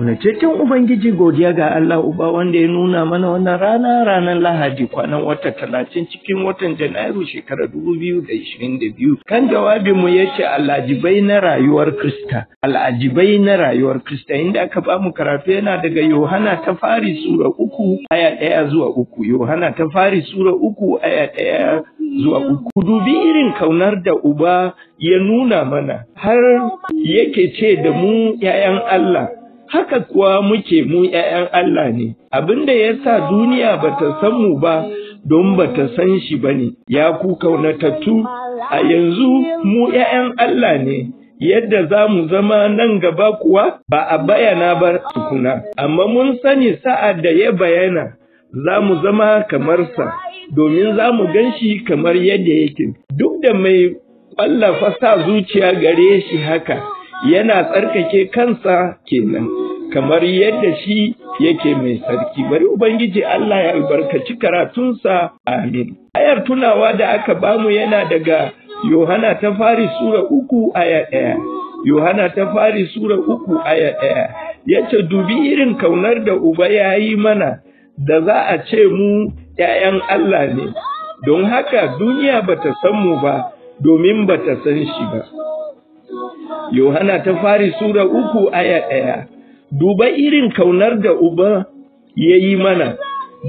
Ƙaunace tun Ubangiji godiya ga Allah Uba wanda ya nuna mana wannan rana ranar Lahadi kwanan wata talatin cikin watan Janairu shekara dubu biyu da ishirin da biyu. Kan jawabinmu ya ce al'ajibai na rayuwar Krista. Al'ajibai na rayuwar Krista inda aka bamu karatu yana daga Yohana ta fari sura uku aya ɗaya zuwa uku. Yohana ta fari sura uku aya ɗaya zuwa uku. Dubi irin kaunar da Uba ya nuna mana har yake ce da mu ‘ya'yan Allah. haka kuwa muke mu ‘ya'yan Allah ne, abin da ya sa duniya ba ta san mu ba don ba ta san shi ba ne, ya ku kaunatattu, a yanzu mu ‘ya'yan Allah ne, yadda za mu zama nan gaba kuwa ba a bayana ba tukuna, amma mun sani sa'ad da ya bayana. Za mu zama kamar sa, domin za mu gan shi kamar yadda yake, duk da mai ƙwallafa sa zuciya gare shi haka, yana tsarkake kansa kenan kamar yadda shi yake mai sarki bari ubangiji Allah ya albarkaci karatunsa amin ayar tunawa da aka bamu yana daga Yohana ta fari sura uku aya ɗaya Yohana ta fari sura uku aya ɗaya ya ce dubi irin kaunar da uba ya yi mana da za a ce mu ‘ya'yan Allah ne don haka duniya bata san mu ba domin bata san shi ba Yohana ta fari Sura uku aya ɗaya, duba irin kaunar da Uba ya yi mana,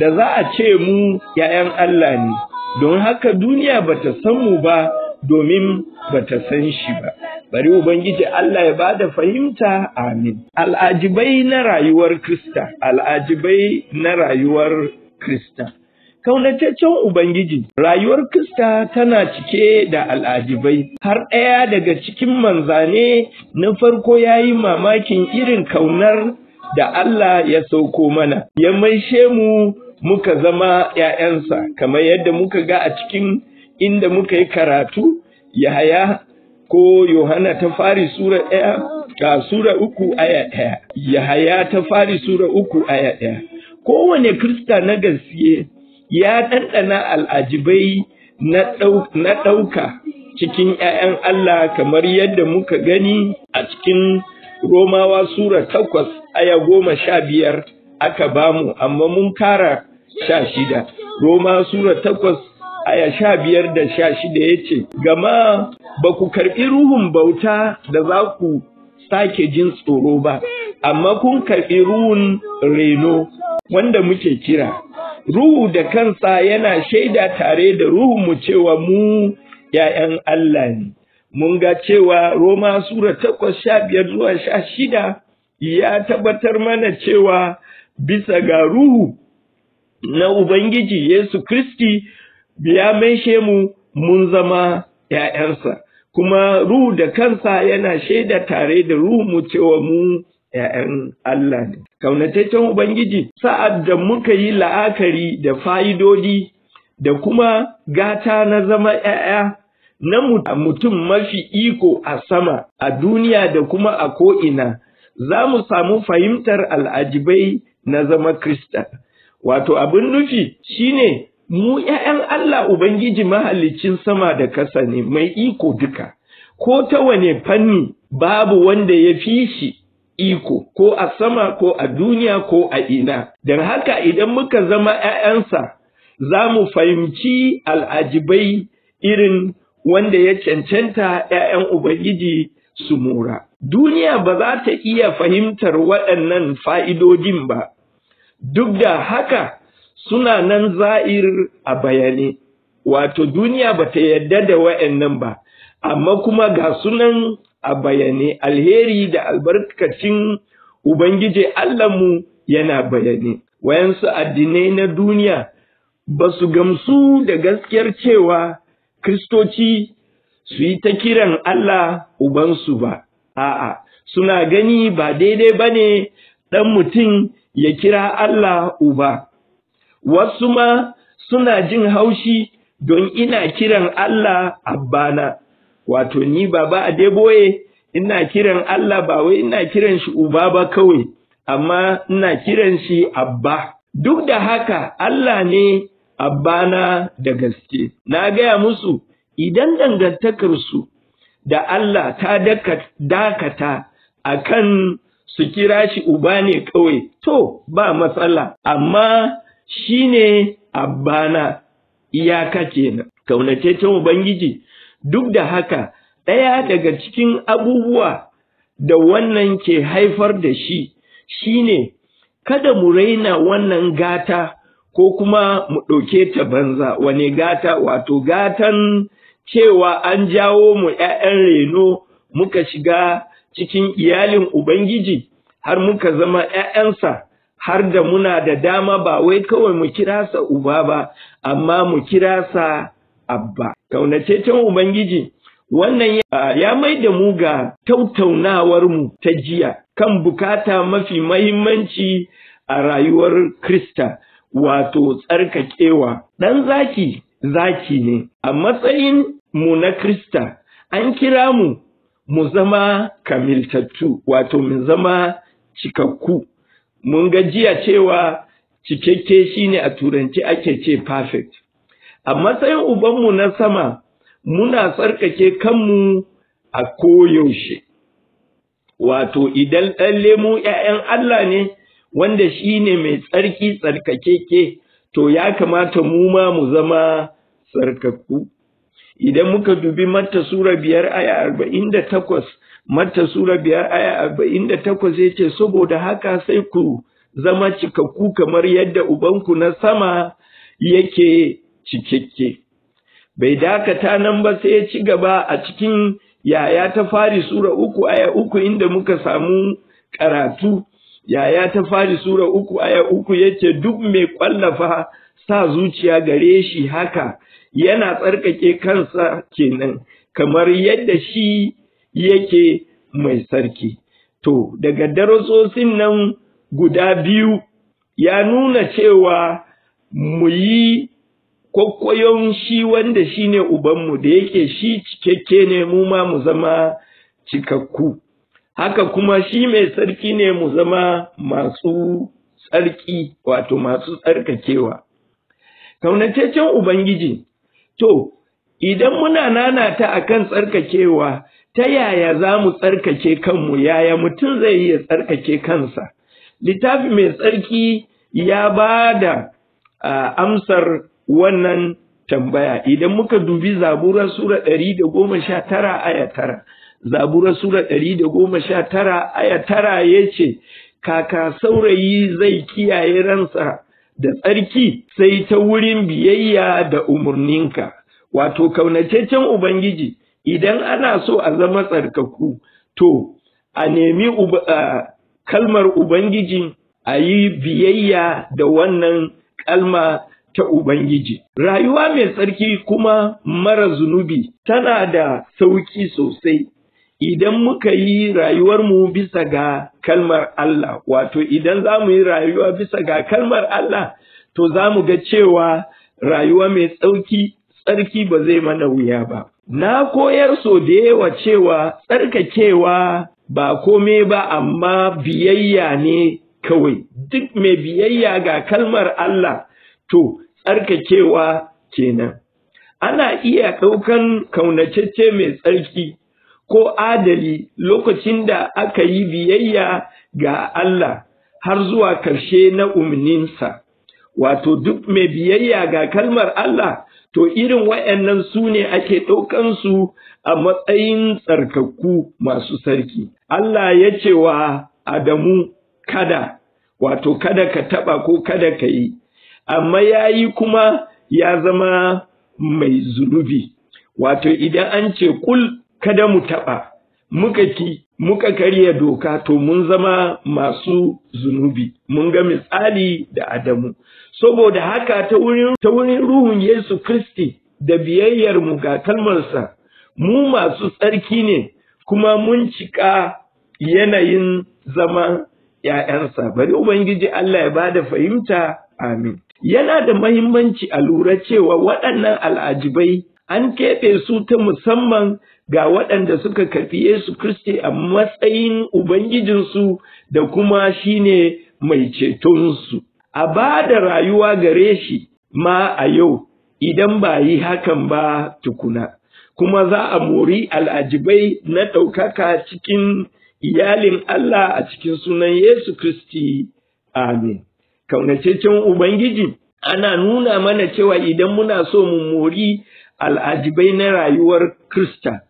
da za a ce mu ‘ya'yan Allah ne, don haka duniya ba ta san mu ba domin ba ta san shi ba. Bari Ubangiji Allah ya bada fahimta, amin. Al'ajibai na rayuwar Krista, al'ajibai na rayuwar Krista. Kaunataccen Ubangiji, rayuwar Krista tana cike da al'ajibai, har ɗaya daga cikin manzane na farko ya yi mamakin irin kaunar da Allah ya sauko mana, ya maishe mu muka zama ‘ya'yansa, kamar yadda muka ga a cikin inda muka yi karatu, Yahaya ko Yohana ta fari Sura ɗaya, ga Sura uku aya ɗaya, Yahaya ta fari Sura uku aya ɗaya. Kowane Krista na gaske ya ɗanɗana al'ajibai na ɗauka cikin ‘ya'yan Allah kamar yadda muka gani a cikin Romawa Sura takwas aya goma sha biyar aka bamu amma mun kara sha shida. Roma Sura takwas aya sha biyar da sha shida ya ce, Gama ba ku karɓi ruhun bauta da za ku sake jin tsoro ba, amma kun karɓi ruhun reno wanda muke kira. ruhu da kansa yana shaida tare da ruhunmu cewa mu ‘ya'yan Allah ne. Mun ga cewa Roma Sura takwas sha biyar zuwa sha shida ya tabbatar mana cewa bisa ga ruhu na Ubangiji Yesu Kristi ya maishe mu mun zama ‘ya'yansa, kuma ruhu da kansa yana shaida tare da ruhu mu cewa mu ‘ya'yan Allah ne. Kaunataccen Ubangiji, sa'ad da muka yi la'akari da fa'idodi da kuma gata na zama ‘ya'ya na mutum mafi iko a sama, a duniya da kuma a ko'ina, za mu samu fahimtar al'ajibai na zama Krista. Wato abin nufi shi ne mu ‘ya'yan Allah Ubangiji mahalicin sama da kasa ne mai iko duka, ko ta wane fanni babu wanda ya fi shi iko ko a sama ko a duniya ko a ina don haka idan muka zama 'ya'yansa za mu fahimci al'ajibai irin wanda ya cancanta 'ya'yan ubangiji su mura duniya ba za ta iya fahimtar waɗannan fa'idodin ba duk da haka suna nan za'ir a bayane wato duniya ba ta yarda da waɗannan ba amma kuma ga sunan a bayane alheri da albarkacin ubangiji mu yana bayane wayansu addinai na duniya ba su gamsu da gaskiyar cewa kristoci su yi ta kiran Allah ubansu ba a'a suna gani ba daidai ba ne ɗan mutum ya kira Allah uba wasu ma suna jin haushi don ina kiran Allah abbana wato ni baba a deboye ina kiran Allah ba wai ina kiran shi uba ba kawai amma ina kiran shi abba duk da haka Allah ne abbana da gaske na gaya musu idan dangantakarsu da Allah ta dakata akan su kira shi uba ne kawai to ba matsala amma shine abbana iyaka kenan kaunataccen ubangiji Duk da haka, ɗaya daga cikin abubuwa da wannan ke haifar da shi shine kada mu raina wannan gata ko kuma mu ɗauke ta banza wane gata wato gatan cewa an jawo mu ‘ya'yan reno muka shiga cikin iyalin Ubangiji har muka zama ‘ya'yansa har da muna da dama ba wai kawai mu kira sa uba ba amma mu kira sa abba kaunataccen ubangiji wannan ya mai da mu ga tautaunawarmu ta jiya kan bukata mafi mahimmanci a rayuwar krista wato tsarkakewa ɗan zaki zaki ne a matsayin mu na krista an kira mu mu zama kamiltattu wato mu zama cikakku mun ga jiya cewa cikakke shine a turanci ake ce perfect a matsayin ubanmu na sama muna tsarkake kanmu a koyaushe wato idan ɗan lemo ‘ya'yan Allah ne wanda shi ne mai tsarki tsarkakeke to ya kamata mu ma mu zama tsarkaku. idan muka dubi matta sura biyar aya arba'in da takwas matta sura biyar aya arba'in da takwas ya ce saboda haka sai ku zama cikakku kamar yadda ubanku na sama yake cikakke bai dakata nan ba sai ya ci gaba a cikin yaya ta fari sura uku aya uku inda muka samu karatu yaya ta fari sura uku aya uku yace duk mai kwallafa sa zuciya gare shi haka yana tsarkake kansa kenan kamar yadda shi yake mai sarki to daga darasosin nan guda biyu ya nuna cewa mu yi kwaikwayon shi wanda shi ne ubanmu da yake shi cikakke ne mu ma mu zama cikakku haka kuma shi mai sarki ne mu zama masu tsarki wato masu tsarkakewa kaunataccen ubangiji to idan muna nanata akan tsarkakewa ta yaya za mu tsarkake kanmu yaya mutum zai iya tsarkake kansa littafi mai tsarki ya ba da ah, amsar wannan tambaya idan muka dubi zabura sura ɗari da goma sha tara aya tara zabura sura ɗari da goma sha tara aya tara ya ce kaka saurayi zai kiyaye ransa da tsarki sai ta wurin biyayya da umarninka wato kaunataccen ubangiji idan ana so a zama tsarkaku to a nemi kalmar ubangiji a yi biyayya da wannan kalma ta Ubangiji. Rayuwa mai tsarki kuma mara zunubi tana da sauki sosai idan muka yi rayuwarmu bisa ga kalmar Allah, wato idan za mu yi rayuwa bisa ga kalmar Allah, to za mu ga cewa rayuwa mai tsauki tsarki ba zai mana wuya ba. Na koyar so da yawa cewa tsarkakewa ba kome ba amma biyayya ne kawai, duk mai biyayya ga kalmar Allah. to tsarkakewa kenan ana iya ɗaukan kaunacece mai tsarki ko adali lokacin da aka yi biyayya ga Allah har zuwa karshe na umarninsa. Wato duk mai biyayya ga kalmar Allah, to irin wa'yannan su ne ake su a matsayin tsarkakku masu sarki. Allah ya ce wa Adamu kada, wato kada ka taɓa ko kada ka yi, amma ya yi kuma ya zama mai zunubi wato idan an ce kul kada mu taɓa muka ki muka karya doka to mun zama masu zunubi mun ga misali da Adamu saboda haka ta wurin ruhun Yesu Kristi da biyayyar mu ga kalmarsa mu masu tsarki ne kuma mun cika yanayin zama ‘ya'yansa, bari Ubangiji Allah ya ba da fahimta, amin. Yana da mahimmanci a lura cewa waɗannan al'ajibai an keɓe su ta musamman ga waɗanda suka kafi Yesu Kiristi a matsayin Ubangijinsu da kuma shi ne mai cetonsu. A ba da rayuwa gare shi ma a yau idan ba yi hakan ba tukuna, kuma za a mori al'ajibai na ɗaukaka cikin iyalin Allah a cikin sunan Yesu Kiristi. Amin. kaunacecen ubangiji ana nuna mana cewa idan muna so mu mori al'ajibai na rayuwar krista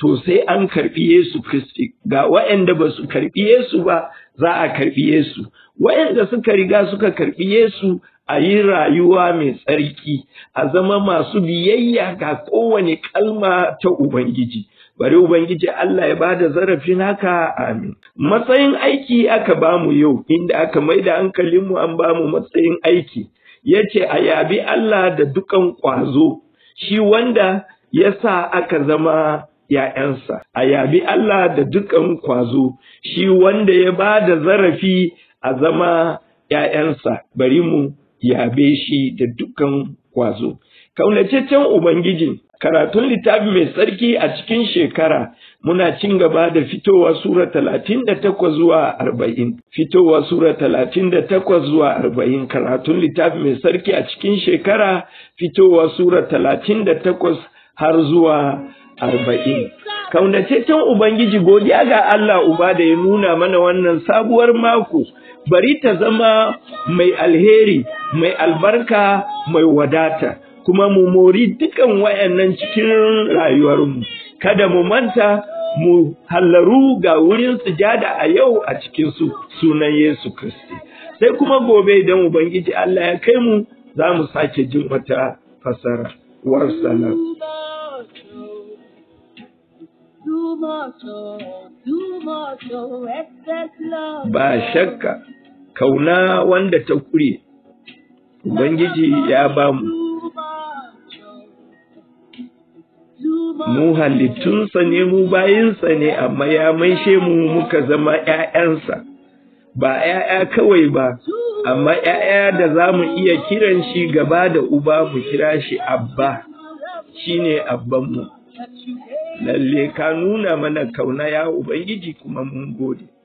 to sai an karɓi Yesu Kristi ga waɗanda ba su karɓi Yesu ba za a karɓi Yesu waɗanda suka riga suka karɓi Yesu a yi rayuwa mai tsarki a zama masu biyayya ga kowane kalma ta Ubangiji bari ubangiji Allah ya bada zarafin haka amin matsayin aiki aka bamu yau inda aka maida hankalin mu an bamu matsayin aiki yace a yabi Allah da dukan kwazo shi wanda yasa aka zama ‘ya'yansa, a yabi Allah da dukan kwazo, shi wanda ya ba da zarafi a zama ‘ya'yansa, bari mu yabe shi da dukan kwazo. Kaunataccen Ubangijin karatun littafi mai tsarki a cikin shekara muna cin gaba da fitowa sura talatin da takwas zuwa arba'in fitowa sura talatin da takwas zuwa arba'in karatun littafi mai tsarki a cikin shekara fitowa sura talatin da takwas har zuwa arba'in kaunataccen ubangiji godiya ga allah uba da ya nuna mana wannan sabuwar mako bari ta zama mai alheri mai albarka mai wadata kuma mu mori dukan wayannan cikin rayuwarmu kada mu manta mu hallaru ga wurin sujada a yau a cikin su sunan Yesu Kristi sai kuma gobe idan ubangiji Allah ya kai mu za mu sake jin wata fasara wassalam Ba shakka, kauna wanda ta kure, Ubangiji ya bamu. halittunsa ne mu bayinsa ne amma ya maishe mu muka zama ‘ya'yansa, ba ‘ya'ya kawai ba, amma ‘ya'ya da za mu iya kiran shi gaba da uba mu kira shi abba, shine ne abbanmu. Lalle ka nuna mana kauna ya Ubangiji kuma mun gode.